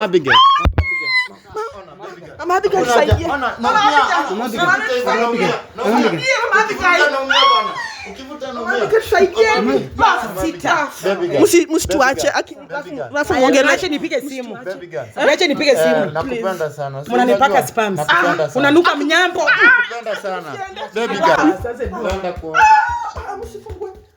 Abigail. Msituache, alafu nipige simu, ache nipige mnanipaka spam, unanuka mnyambo.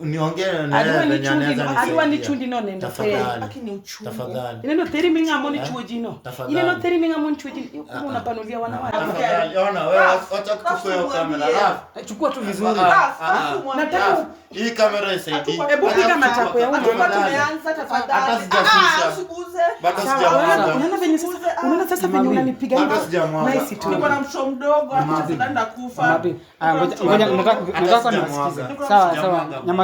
niongee aliwa ni chundi no nendo eh. tafadhali ineno teri minga moni eh? chuo jino ineno teri minga moni chuo jino ah, yuko ah. unapanulia wanawake ona wewe acha kuchukua kamera alafu chukua tu vizuri ah, nataka hii kamera isaidie hebu piga matako ya huko tumeanza tafadhali hata sijafisha usiguze bado sijamwona unaona venye sasa unaona sasa venye unanipiga hivi bado sijamwona nice tu niko na msho mdogo hata sasa ndakufa ngoja ngoja nataka nataka nisikize sawa sawa nyama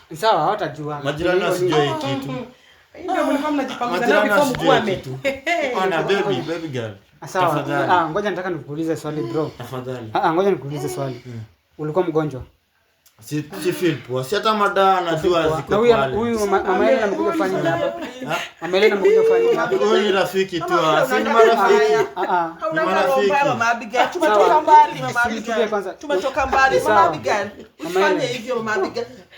Ni sawa hawatajua. Majirani wasijue hii kitu. Ndio mlikuwa mnajipanga ah, na before mkuame. Ana baby baby girl. Ah, sawa. Ah, ngoja nataka nikuulize swali bro. Tafadhali. Ah, ah ngoja nikuulize swali. Hmm. Ulikuwa mgonjwa? Si si feel poa. Si hata mada najua ziko pale. Na huyu huyu mama yeye anakuja kufanya nini hapa? Mama yeye anakuja kufanya nini hapa? Huyu ni rafiki tu. Si ni marafiki. Ah ah. Ni marafiki. Mama Abigail, tumetoka mbali mama Abigail. Tumetoka mbali mama Abigail. Usifanye hivyo mama Abigail.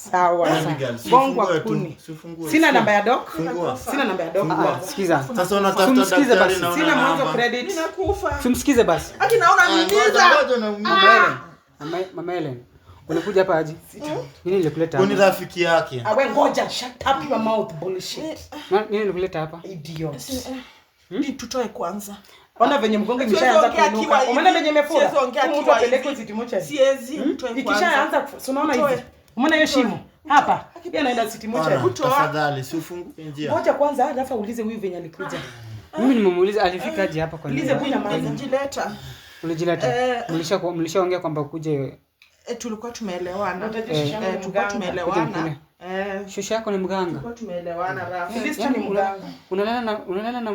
Sawa. Yaani Bongo kuni. Sina namba ya doc. Sina namba ya doc. Ah, Sikiza. Sasa unatafuta daktari basi. Sina mwanzo credit. Ninakufa. Tumsikize basi. Aki naona ah, nimiza. Ah. Mama Ellen. Unakuja hapa aje? Nini nilikuleta hapa? Ni rafiki yake. Awe ngoja, shut up your mouth bullshit. Nini eh. nilikuleta hapa? Idiot. Eh. Hmm? Ni tutoe kwanza. Ona venye mgongo imeshaanza kuinuka. Umeona venye imefura. Mtu apeleke zitimocha. Siwezi. Hmm? Ikishaanza, unaona hivi. Umeona hiyo shimo? Hapa. Yeye anaenda siti moja. Tafadhali si ufungue njia. Ngoja kwanza alafu ulize huyu venye alikuja. Mimi nimemuuliza alifikaje hapa kwa nini? Ulize kuna maana. Nilijileta. Nilijileta. Eh, Mlisha mlishaongea kwamba kuje eh, tulikuwa tumeelewana. Eh, tulikuwa tumeelewana. Eh, shosha yako ni mganga. Tulikuwa tumeelewana mm. Rafa. Lista ni mganga. Unalala na unalala na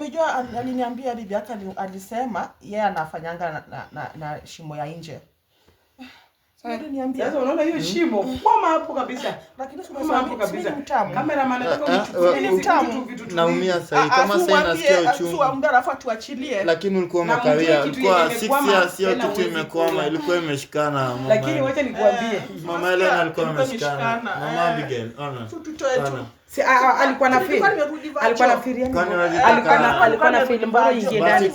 Mejua aliniambia bibi yake alisema yeye anafanyanga na, na, na, na shimo ya nje Eh. Sasa unaona hiyo hmm. shimo koma hapo kabisa. naumia sasa ah, kama sasa nasikia ah, uchungu. Lakini ulikuwa umekawia. Ulikuwa 6 years kitu yaani imekwama ilikuwa imeshikana mama. Elena eh. alikuwa ameshikana. Mama eh. Abigail. Ona. Si, ah, ah, alikuwa na feel. Alikuwa na feel. Alikuwa na feel ingie ndani.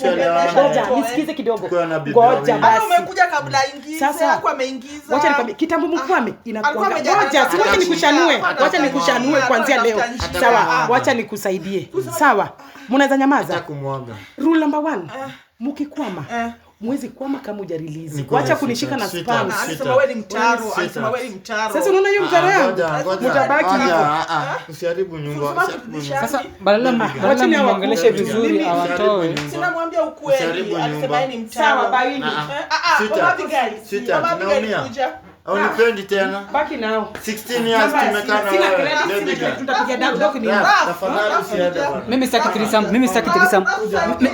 Ngoja nisikize kidogo. Ngoja basi. Umekuja kabla sasa ameingiza. Wacha nikwambie kitambo Mukwame ah, inakuwa. Ngoja si wacha nikushanue. Wacha nikushanue kuanzia leo. Sawa, wacha nikusaidie. Sawa. Mnaweza nyamaza. Rule number 1. Eh. Mukikwama eh mwezi kwama kama ujarilizi kuacha kunishika na spam. Anasema wewe ni mtaro, anasema wewe ni mtaro. Sasa unaona hiyo ah, mtaro yangu mtabaki hapo, ah, ah, usiharibu nyumba. Sasa badala ma wacha ni waongeleshe vizuri, awatoe. Sina mwambia ukweli, alisema yeye ni mtaro. Sawa baini. Ah ah, wapi gari? Wapi gari kuja? Haunipendi tena. Mm, baki nao. 16 years tumekaa na wewe. Tafadhali usiende Mimi sitaki threesome. Mimi sitaki threesome.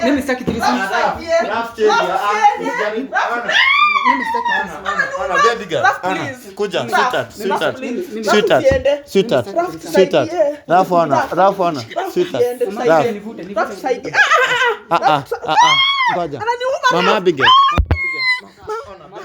Mimi sitaki threesome. Mama ah, ah, ah, Abigail.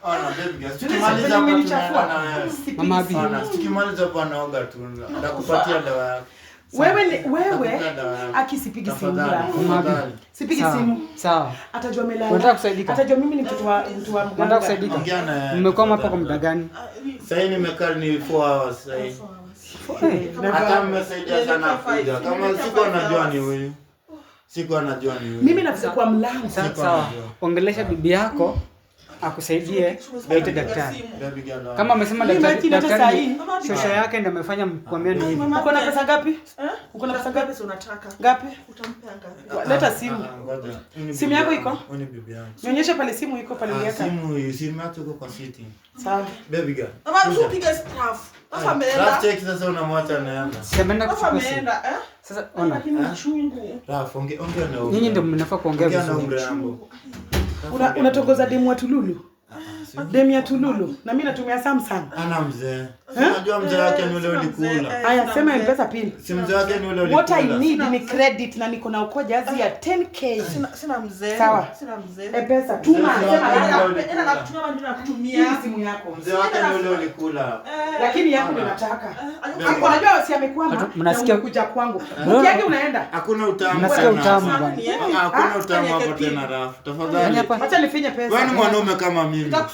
Oh, oh, wewe wewe, akisipigi simu sipigi simu sawa, atajua melala. kusaidika, atajua mimi ni mtoto wa mtu wa mganga. Nataka kusaidika. hapa kwa muda gani? Ah, eh, eh. Sasa hivi nimekaa ni 4 hours sasa hivi. Hata mmesaidia sana kuja, kama ni oh. wewe, anajua ni wewe. Mimi kwa mlango. Sawa, ongelesha bibi yako akusaidie aite daktari. Kama amesema daktari, daktari shosha yake ndio amefanya ah. kuambia ni hivi. Uko na pesa ngapi? Eh? Uko na pesa ngapi unataka? Ngapi? Utampa ngapi? Leta ah, simu. Ah, simu yako iko? Nionyeshe pale simu iko pale yako. Simu simu yako iko kwa city. Sawa. Baby girl. Mama tu piga staff. Sasa ameenda. Sasa check sasa unamwacha anaenda. Sasa ameenda kuchukua simu. Eh? Sasa ona. Eh? Nyinyi ndio mnafaa kuongea vizuri. Ongea na Unatongoza demu wa Tululu? Ah, ah. Demia Tululu na mimi natumia Samsung. Ana mzee. Unajua mzee eh, wake ni ule ulikula. Eh, Aya, sema mpesa pesa pin. Si mzee wake ni ule ulikula. What I need ni credit na niko na ukoja jazi ya 10k. Eh, sina sina mzee. Sawa. Sina mzee. Mpesa tuma sema ila nakutumia mimi nakutumia simu yako. Mzee wake ni ule ulikula. Lakini yako ndio nataka. Hapo Unajua si amekwama. Unasikia kuja kwangu. yake unaenda. Hakuna utamu. Unasikia utamu. Hakuna utamu hapo tena rafu. Tafadhali. Yaani Acha nifinye pesa. Wewe ni mwanaume kama mimi.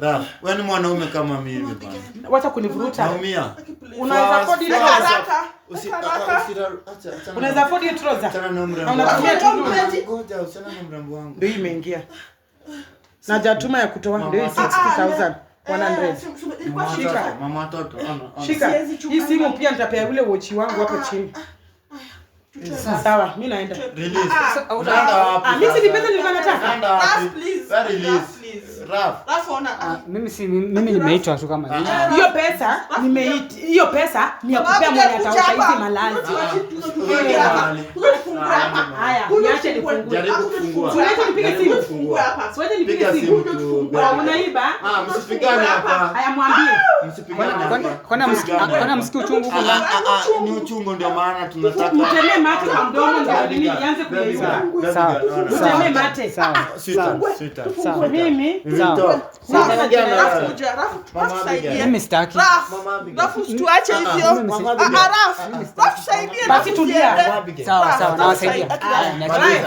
Raf, wewe ni mwanaume kama mimi bwana. Wacha kunivuruta. Naumia. Unaweza kodi ile haraka. Unaweza kodi ile troza. Sana na mrembo. Unatumia tu. Ngoja, achana na mrembo wangu. Ndio imeingia. Na jatuma ya kutoa ndio 60000. 100. Mama watoto. Shika. Hii simu pia nitapea yule wochi wangu hapo chini. Eh, sawa, mimi naenda. Release. Mimi ah, ah, ah. si nilikuwa nataka. Release. Ah, mimi nimeitwa tu kama ah. hiyo pesa, hiyo pesa ni ya kupea mwenye atauza hizi malazi. Ah. Haya, niache nifungue. Siwezi nipige simu. Siwezi nipige simu. Unaiba? Ah, msipigane hapa. Haya, mwambie. Msipigane. Kwani kwani msiki uchungu huko? Ah, ni uchungu ndio maana tunataka. Mtemee mate kwa mdomo ndio nini ianze kuiba. Sawa. Mtemee mate. Sawa. Sita. Sita. Mimi mimi sitaki. Rafu tuache ah, ah, hivyo. Rafu, Rafu saidie. Basi tulia. Sawa sawa, nawasaidia. Ah, Niachilie.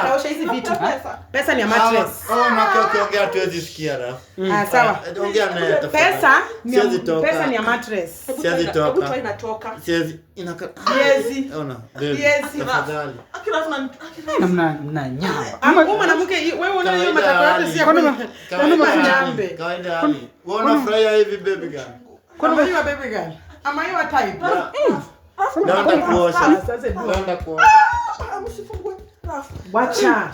anaosha hizi vitu. Pesa ni ya mattress. Oh, maki ukiongea tuwezi sikia na. Mm. Ah, ah, sawa. Ongea na yeye tafadhali. Pesa siwezi toka. Pesa ni ya mattress. Siwezi toka. Hebu inatoka. Siwezi inaka. Siwezi. Ah, eh, Ona. Oh, siwezi. Tafadhali. Akira tuna akira mna mna nyamba. Ah, Ama wewe mwanamke wewe una hiyo matakwa yako si ya kwani kwani mnyambe. Kawaida. Wewe unafurahia hivi baby girl. Kwani wewe baby girl. Ama hiyo type. Naenda eh, kuosha. Naenda kuosha. Wacha.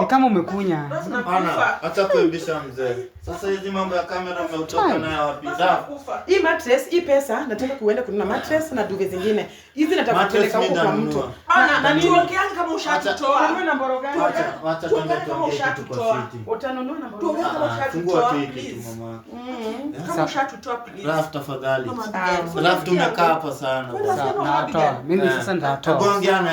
Ni kama umekunya. Hapana, acha kuibisha mzee. Sasa hizi mambo ya kamera umetoka nayo wapi? Hii mattress, hii pesa nataka kuenda kununua mattress na duve zingine. Hizi nataka kupeleka huko kwa mtu. Hapana, na ni wake kama ushatoa. Wewe na mboro gani? Acha, acha tuende tuongee kwa siti. Utanunua na mboro Tuongee kama ah, ushatoa. Mama. Mm-hmm. Kama ushatoa please. Raf tafadhali. Raf tumekaa hapa sana. Mimi sasa eh. nitatoa. Gongeana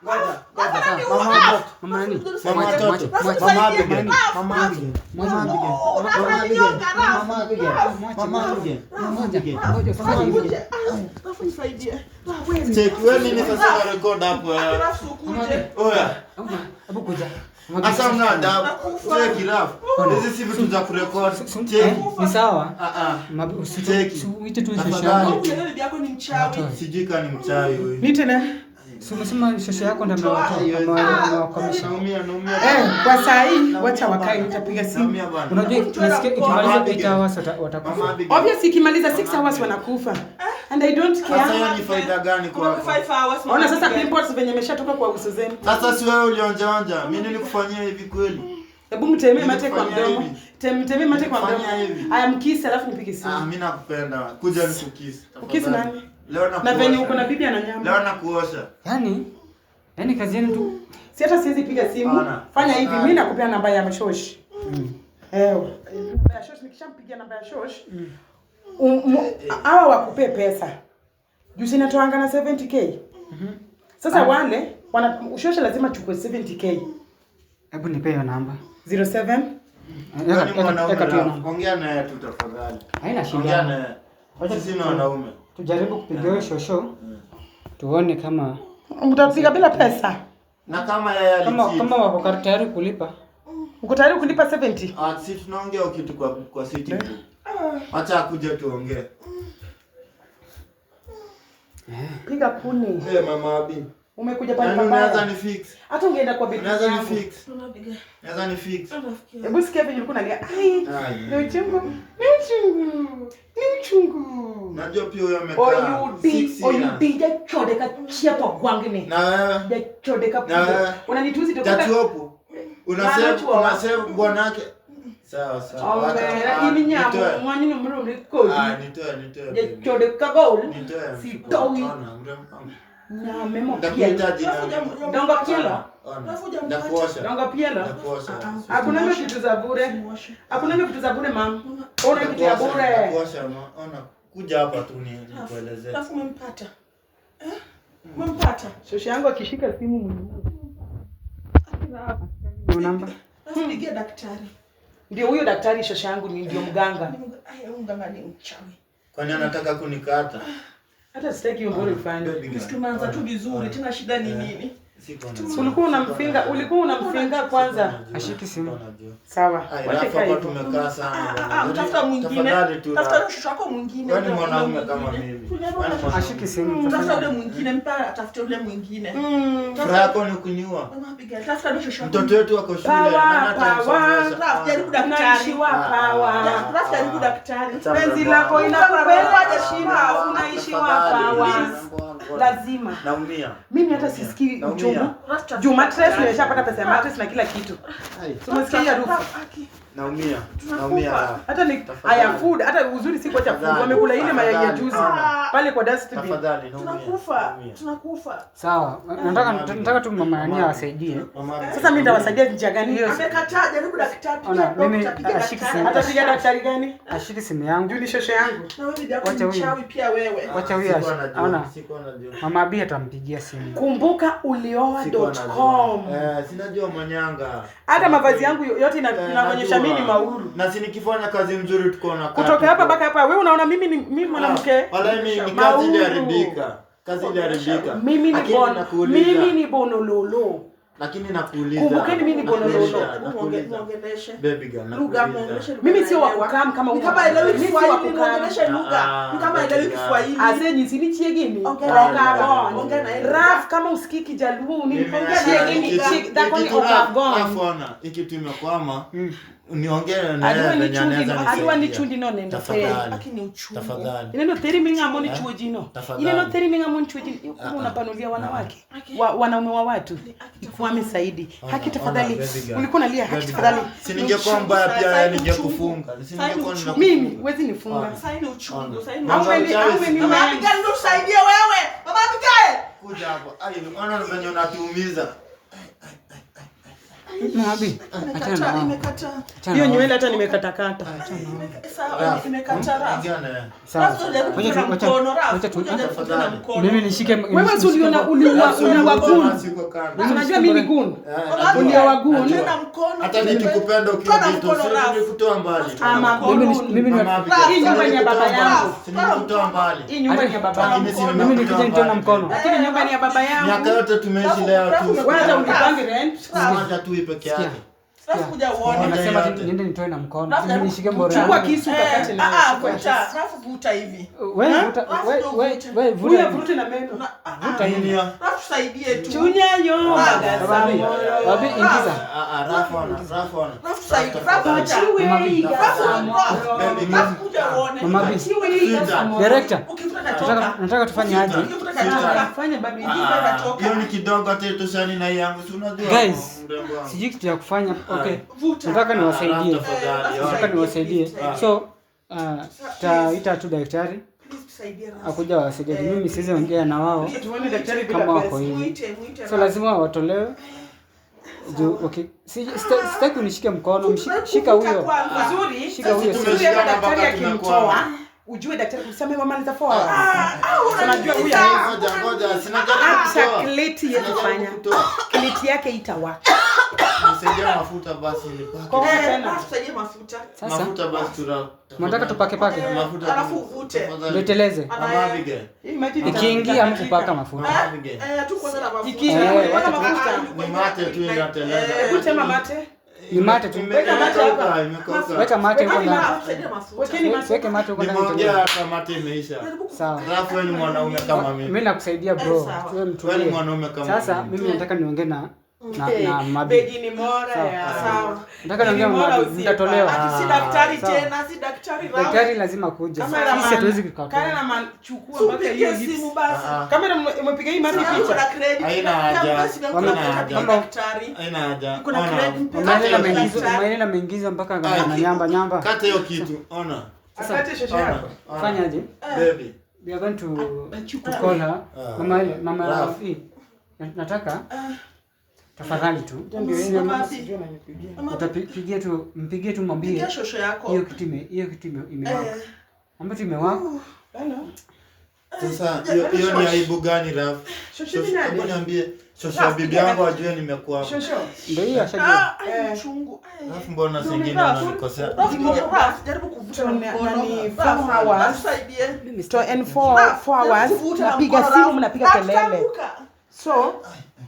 Sijui kama ni mchawi. Ni tena Umesema shosho yako ndio amewakomesha. Ah! Eh, kwa saa hii wacha wakae, utapiga simu. Unajua ikimaliza 8 hours watakufa. Obviously ikimaliza 6 hours wanakufa. Eh? And I don't care. Sasa ni faida gani kwa wako? Ona sasa pimples venye imeshatoka kwa uso zenu. Sasa si wewe ulionja onja. Mimi nilikufanyia hivi kweli? Hebu mtemee mate kwa mdomo. Mtemee mate kwa mdomo. I am kiss alafu nipige simu. Ah, mimi nakupenda. Kuja nikukisi. Ukisi nani? Leo na venye uko na bibi ananyama. Leo na kuosha. Yaani yaani kazi yenu tu. Si hata siwezi piga simu. Ana. Fanya hivi mimi nakupea namba ya Shoshi. Mm. Ewe. Eh, namba ya Shoshi nikishampigia namba ya Shoshi. Mm. Um, hawa wakupe pesa. Juzi natoanga na 70k. Mhm. Mm Sasa ah. wale wana Shoshi lazima chukue 70k. Hebu nipe hiyo namba. 07 eh, yaani Ongea naye tu tafadhali. Haina shida. Ongea naye. Wacha sina wanaume tujaribu kupiga shosho hmm. tuone kama mtapiga bila pesa na kama yeye kama, kama wako tayari kulipa. Uko tayari kulipa 70? Ah, si tunaongea kitu kwa kwa sitini. Eh. Acha akuja tuongee. Piga kuni. Eh, mama Abi. Umekuja pale yaani pale. Unaweza ni fix. Hata ungeenda kwa bibi. Unaweza ni fix. Unaweza ni fix. Hebu sikia vile ulikuwa unalia. Ai. Ni uchungu. Ni uchungu. Ni uchungu. Najua pia huyo amekaa. Oyudi, oyudi chode ka chia kwa kwangu mimi. Na wewe. Ya chodeka pia. Unanituzi toka. Tatu hapo. Unasema unasema yake. Sawa sawa. Oh, eh, lakini nyapo mwani ni mrudi kodi. Ah, nitoe nitoe. Ya ka goal. Nitoe. Sitoi. Mm. Na memo dongo vitu za bure, hakuna vitu za bure mama, ona kitu ya bure. Kuja hapa tu nikueleze, alafu umempata eh? umempata. Shoshi yangu akishika simu namba nipigie hmm. daktari. Ndio huyo daktari, shoshi yangu ndio mganga. Mganga ni mchawi, kwani anataka kunikata ah. Hata sitaki ufanye. Ah, Tumeanza tu vizuri, ah, tena shida ni ah. nini? Ulikuwa unamfinga, ulikuwa unamfinga kwanza. Ashiki simu. Sawa. Tumekaa sana. Ah, ah, tafuta yaani, mwingine. Tafuta mshushu wako mwingine. Wewe ni yaani, mwanaume kama mimi. Yaani, Ashiki simu. Mm, tafuta yule mwingine, mpa atafute yule mwingine. Mm. Furaha yako ni kuniua. Mtoto wetu wako shule na atasomesha. Ah. Tafuta yule daktari. Tafuta yule daktari. Penzi lako inakupeleka shida, unaishi wapi? lazima naumia. Mimi hata sisikii uchungu juu mattress nimeshapata pesa ya mattress na kila kitu, so msikia harufu Naumia. Naumia. Hata ni haya food, hata uzuri si Wamekula ile mayai ya juzi ah. pale kwa dustbin. Tafadhali naumia. Tunakufa. Tunakufa. Sawa. Ah. Nataka nataka tu mama awasaidie. Sasa mimi nitawasaidia njia gani Amekataa jaribu daktari. Mimi simu. Atapiga daktari gani? Ashiki simu yangu. Juu ni shosho yangu. mchawi pia wewe. Ah, Wacha huyu. Mama atampigia simu. Kumbuka ulioa.com. Eh, sinajua manyanga. Hata mavazi yangu yote inaonyesha eh, mimi mauru na si nikifanya kazi mzuri tuko na kutoka hapa baka hapa. Wewe unaona mimi ni mimi ah, mwanamke wala mimi ni kazi ile haribika, kazi ile haribika. Mimi ni bon, mimi ni bonololo. Lakini nakuuliza, kumbukeni, mimi ni bonololo. Muongeleshe baby girl, lugha muongeleshe. Mimi sio wa kukam kama huko, kama elewi Kiswahili, muongeleshe lugha ah, ni kama elewi Kiswahili. aze ah, nyinyi ni chiegini okabon raf kama usikiki Jaluo ni ongea chiegini dakoni gone afona ikitu imekwama hmm niongee aliwa eh? ah, ah. unapanulia ah. wanawake wanaume wa watu ikwame saidi haki tafadhali ulikuwa nalia haki tafadhali siningekuwa mbaya pia ningekufunga nisingekuwa ninakufunga mimi wezi nifunga sasa ni uchungu sasa ni mama mama wewe mama bikae kuja hapo ai unaona venye unatuumiza Nabi, Hiyo nywele hata nimekata kata. Sawa, imekata Mimi nishike. Wewe si uliona uliwa uliwa gun. Unajua mimi gun. Uliwa gun. Hata nikikupenda ukiwa kitu sikutoa mbali. Mimi mimi ni hii nyumba ni ya baba yangu. Sikutoa mbali. Hii nyumba ni ya baba yangu. Mimi nikija nitoe mkono. Eh, Lakini nyumba ni ya baba yangu. Miaka yote tumeishi leo tu. Kwanza unipange rent. Kwanza tu peke yake. Sasa niende nitoe na mkono. nishike mbora. Chukua kisu ah, kakate ah, ah, na. Ah, vuta. Rafu vuta hivi. Wewe vuta. Wewe wewe vuta. Wewe vuta na meno. Vuta nini? Rafu saidie tu. Chunya yo. Babi ingiza. Ah rafu ana, rafu ana. Rafu saidie. Rafu acha. Rafu. Rafu kuja uone. Mama bi. Director. Nataka nataka tufanye aje? Fanya babi ingiza katoka. Hiyo ni kidogo tu tushani na yangu. Unajua. Guys sijui kitu ya kufanya. Okay, nataka ah, niwasaidie, nataka niwasaidie, ah. so ah, taita tu daktari akuja wasaidia. Eh, Mimi siwezi ongea na wao kama wako hivi, so lazima watolewe. Okay. Sitaki unishike mkono, shika huyo, shika huyo, daktari akimtoa ujue daktari kusema wamaliza four hours. Unajua huyu ngoja ngoja, sina chocolate yetu fanya. Chocolate yake itawaka mafuta basi eh, tupake pake. Ndio teleze. Ikiingia mtu paka mafuta. Eh, eh, eh tu Ni mate tu Weka mate huko. ndani. Weke mate huko ndani. Nimeongea hata mate imeisha. Sawa. Alafu wewe ni mwanaume kama mimi. Mimi nakusaidia bro. Wewe mtu. Wewe ni mwanaume kama mimi. Sasa mimi nataka niongee na Daktari lazima akuje. Maneno ameingiza mpaka nyamba nyamba. Kata hiyo kitu. Ona. Fanyaje? Baby. We are going to ah, call ah, Mama, mama Rafi. Nataka ah tafadhali tu utapigia tu mpigie tu mwambie hiyo kitu hiyo kitu imewaka ambayo imewaka. Sasa eh, hiyo ni aibu gani Raf? Niambie shosho, bibi yangu ajue nimekuwa ndio hiyo ashajua. Ah, eh. eh. Raf, mbona zingine unanikosea? Jaribu kuvuta mkono, napiga simu, mnapiga kelele So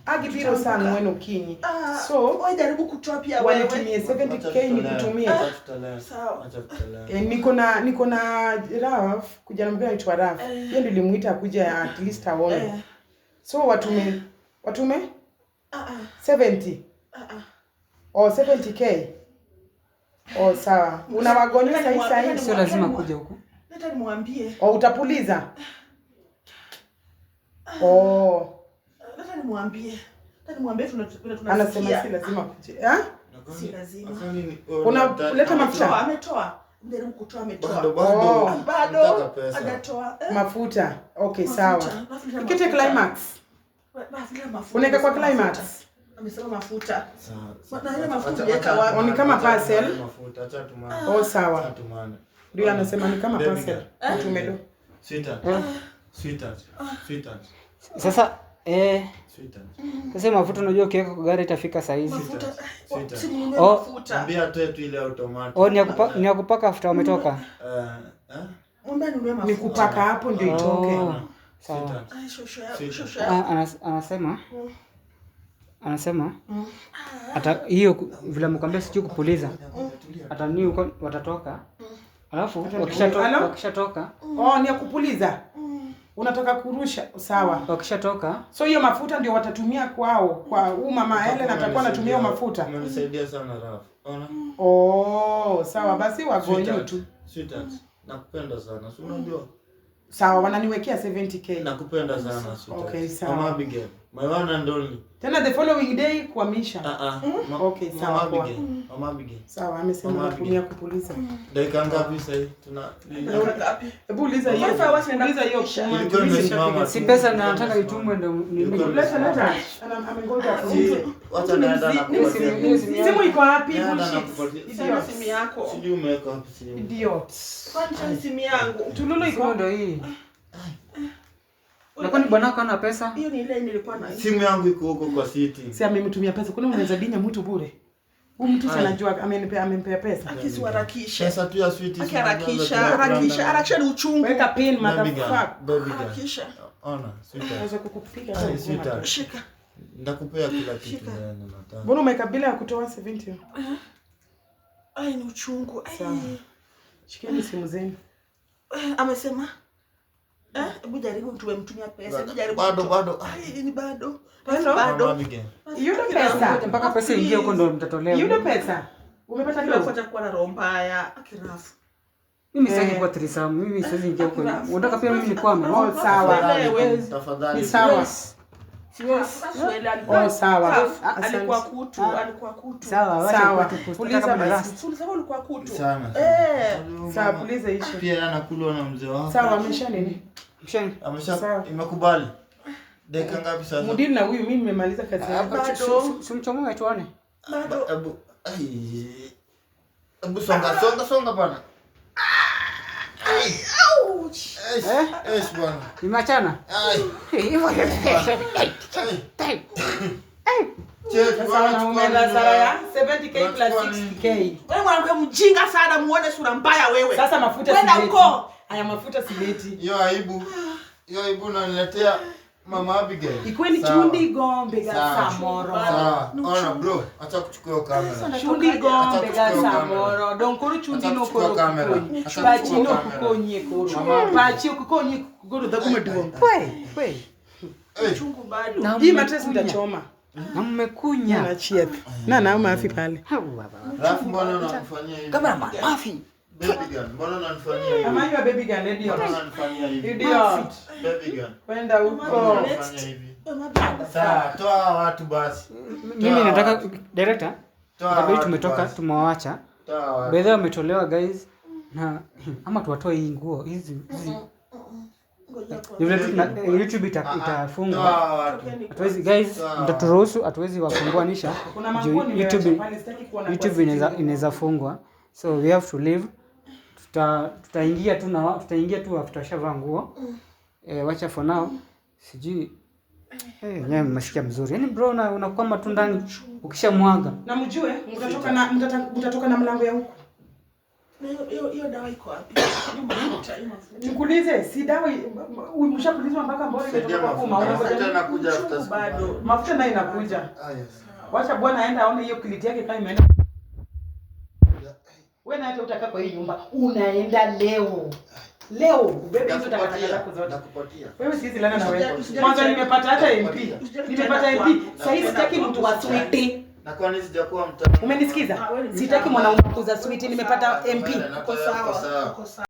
agibiro sana mwene ukinyi. Ah, so wewe jaribu kutoa pia wewe. 70k nikutumie. Ah, sawa. Eh, niko na niko na Raf kuja na mgeni anaitwa Raf. Eh. Yeye ndiye limuita kuja at least aone. Eh. So watume eh. watume ah ah 70. Ah ah. Oh 70k. Oh sawa. Una wagonjwa sasa hivi sasa sio lazima kuja huko. Nataka nimwambie. Oh utapuliza. Ah. Oh. Tani mwambie. Tani mwambie tunatupenda tunasikia. Anasema si lazima ah, kuje. Eh? Ah? Si lazima. Oh, Unaleta mafuta. Ametoa. Mjaribu kutoa ametoa. Bado bado. Oh. Bado. Hajatoa. Eh? Mafuta. Okay, sawa. Ikite climax. Unaweka kwa climax. Amesema mafuta. Sawa. Ndio anasema ni kama parcel. Eh? Ah. Sasa eh Sweeter. Sasa mafuta unajua ukiweka kwa gari itafika saa hizi. Eh, oh, ambia atoe tu ile automatic. Oh, ni ya kupaka after wametoka. Mm. Eh, eh. ni anunue mafuta. Ni kupaka hapo ndio itoke. Sawa. Anasema anasema hata hiyo vile mkwambia sijui kupuliza hata mm. ni watatoka mm. alafu wakishatoka wakishatoka oh ni ya kupuliza unataka kurusha sawa, mm. wakishatoka so hiyo mafuta ndio watatumia kwao, kwa huu mama Helen atakuwa anatumia mafuta. Umenisaidia sana Rafa, ona. Oh, sawa basi, wagonyo tu sweetheart, nakupenda sana, si unajua. Sawa, wananiwekea 70k. Nakupenda sana sweetheart. Okay, sawa. Mama Abigail and only. Tena the following day kuhamisha. Ah ah. Mm. Okay, sawa. Mama Bige. Mama Bige. Sawa, amesema natumia kupuliza. Dakika ngapi sasa hivi? Tuna Hebu uliza hiyo. Sasa wacha naanza hiyo. Ilikuwa mama. Si pesa na nataka itumwe ndio nini? Leta leta. Ana amengoja ah, kuuliza. Wacha naenda na kuuliza. Simu iko wapi? Hiyo simu yako. Sijui umeweka wapi simu. Ndio. Kwani simu yangu? Tululu iko ndio hii. Unakwani bwana kana pesa? Hiyo ni ile nilikuwa na. Simu yangu iko huko kwa city. Si amemtumia pesa. Kuna unaweza dinya mtu bure. Huyu mtu si anajua amenipa amempea pesa. Akisi Akisiwarakisha. Pesa tu ya sweet. Akiharakisha, harakisha, harakisha ni uchungu. Weka pin motherfucker. Baby girl. Harakisha. Ona, sweet. Naweza kukupiga. Shika. Ndakupea kila kitu ndani nataka. Mbona umeka bila ya kutoa 70? Ai ni uchungu. Ai. Shikeni simu zenu. Eh, amesema Eh, hebu jaribu tumemtumia pesa. Hebu jaribu. Bado bado. Ai, ni bado. Bado. Bado. Yule pesa mpaka pesa ingie huko ndio mtatolewa. Yule pesa. Umepata kile kufuata kuwa na roho mbaya akirafu. Mimi sitaki eh. kuwa threesome. Mimi siwezi ingia huko. Unataka pia mimi nikwame. Oh sawa. Tafadhali. Ni sawa. Pia anakulwa na mzee wako. Sawa, amesha nini? Amesha imekubali. Dakika ngapi sasa? Mudini na huyu mimi nimemaliza kazi ah, yangu. Simchomoe tuone. Bado. Ebu songa songa songa bana. Eh? Imeachana. Wewe mwanamke mjinga sana, muone sura mbaya wewe. Sasa mafuta. Kwenda huko. Haya mafuta sileti. Hiyo aibu. Hiyo aibu unaniletea Mama Abigail. Ikuwe ni chundi gombe ga samoro. Ona bro, acha kuchukua kamera. Chundi gombe ga samoro. Donkuru chundi no koro. Pachi no kukonye koro. Pachi kukonye koro da kuma Kwe, kwe. Chungu bado. Hii matresi nitachoma. Na mmekunya. Na chia Na na mafi pale. Rafu mbona unakufanyia hivi? Kama mafi. Mimi nataka director. Toa Tumetoka tumewacha Toa Bedha wametolewa guys. Na ama tuwatoe hii nguo hizi YouTube ah, ah. itafungwa, guys, ndoturuhusu hatuwezi wafunguanisha YouTube, YouTube inaweza fungwa, so we have to leave tuta tutaingia tu na tutaingia tu after washavaa nguo mm. eh, wacha for now mm. sijui eh, eh nyaye mmesikia mzuri Yaani bro, na unakuwa matu ndani ukishamwaga na mjue mtatoka na mtatoka na mlango ya huko. Hiyo hiyo dawa iko wapi? Nikuulize, si dawa umeshakulizwa mpaka mbona imetoka kwa sasa inakuja after bado mafuta na inakuja. Ah, wacha bwana aende aone hiyo kiliti yake kama imeenda wewe na hata utakaa kwa hii nyumba, unaenda leo. Leo ubebe hizo takataka zako zote. Nakupatia. Wewe siwezi lana na wewe. Mwanzo nimepata hata MP. Nimepata MP. Sasa hivi sitaki mtu wa sweet. Na kwa nini sijakuwa mtaalamu? Umenisikiza? Ah, sitaki mwanaume kuza sweet, nimepata MP. Uko sawa. Uko sawa.